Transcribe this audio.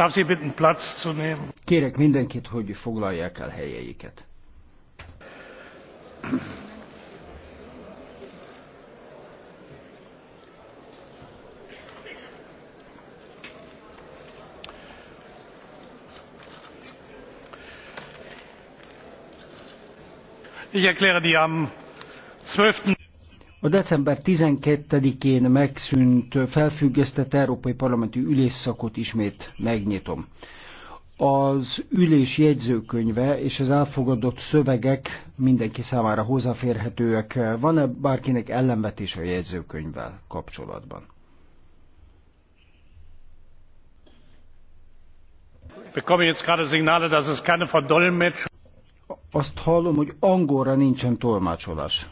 Darf Sie bitten, Platz zu nehmen? Kérek mindenkit, hogy foglalják el helyeiket. Ich erkläre die am 12. A december 12-én megszűnt felfüggesztett Európai Parlamenti ülésszakot ismét megnyitom. Az ülés jegyzőkönyve és az elfogadott szövegek mindenki számára hozzáférhetőek. Van-e bárkinek ellenvetés a jegyzőkönyvvel kapcsolatban? Azt hallom, hogy angolra nincsen tolmácsolás.